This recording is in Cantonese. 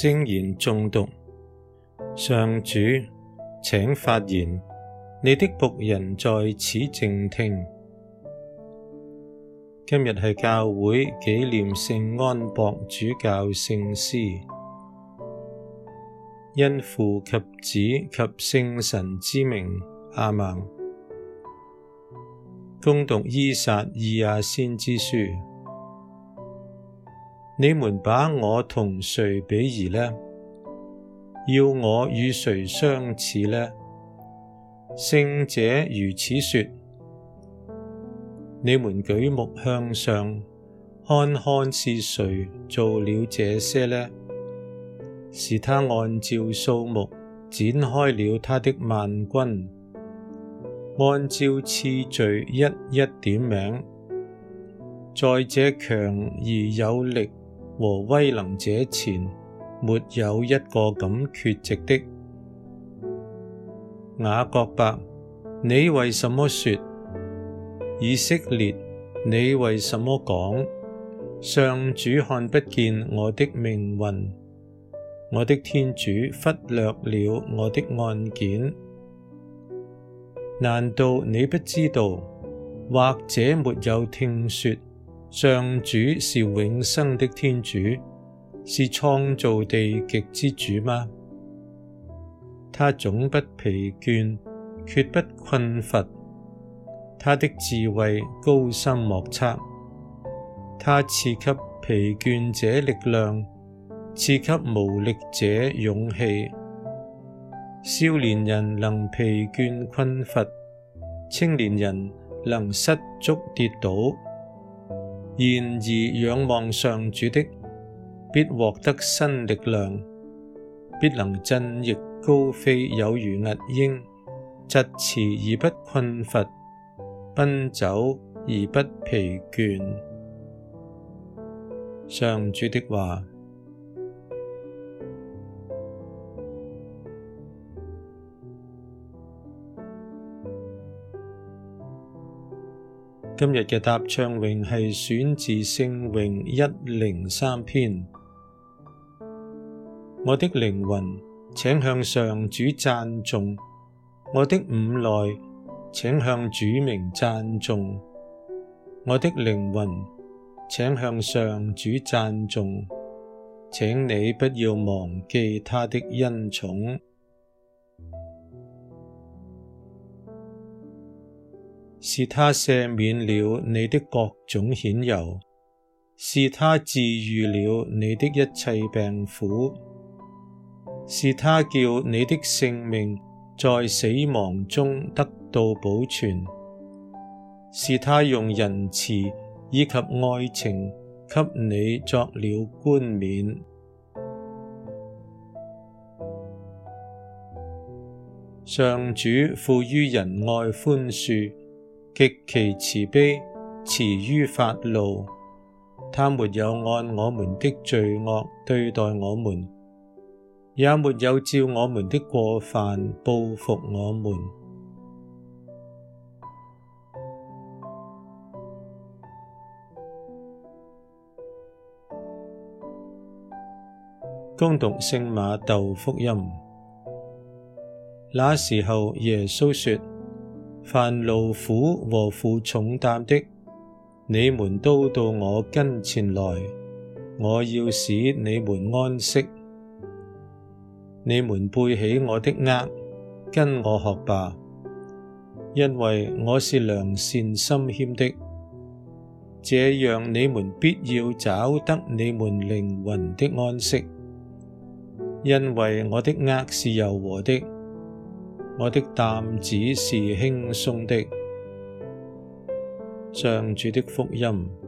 聲言誦讀，上主，請發言，你的僕人在此靜聽。今日係教會紀念聖安博主教聖師，因父及子及聖神之名，阿孟。恭讀依撒意亞先知書。你們把我同誰比擬呢？要我與誰相似呢？聖者如此說：你們舉目向上，看看是誰造了這些呢？是他按照數目展開了他的萬軍，按照次序一一點名，在這強而有力和威能者前，沒有一個敢缺席的。雅各伯，你為什麼說？以色列？你為什麼講，上主看不見我的命運，我的天主忽略了我的案件？難道你不知道，或者沒有聽說？上主是永生的天主，是創造地極之主嗎？他總不疲倦，決不困乏，他的智慧高深莫測。他賜給疲倦者力量，賜給無力者勇氣。少年人能疲倦困乏，青年人能失足跌倒。然而仰望上主的，必獲得新力量，必能振翼高飛，有如兀鷹；疾馳而不困乏，奔走而不疲倦。上主的話。今日嘅答唱詠係選自聖詠一零三篇。我的靈魂，請向上主讚頌；我的五內，請向主名讚頌。我的靈魂，請向上主讚頌，請你不要忘記他的恩寵。是他赦免了你的各種愆尤，是他治癒了你的一切病苦，是他叫你的性命在死亡中得到保全，是他用仁慈以及愛情給你作了冠冕。上主富於仁愛寬恕，極其慈悲，遲於發怒，他沒有按我們的罪惡對待我們，也沒有照我們的過犯報復我們。恭讀聖瑪竇福音，那時候耶穌說。凡勞苦和負重擔的，你們都到我跟前來，我要使你們安息。你們背起我的軛，跟我學吧，因為我是良善心謙的。這樣你們必要找得你們靈魂的安息，因為我的軛是柔和的。我的擔子是輕鬆的。上主的福音。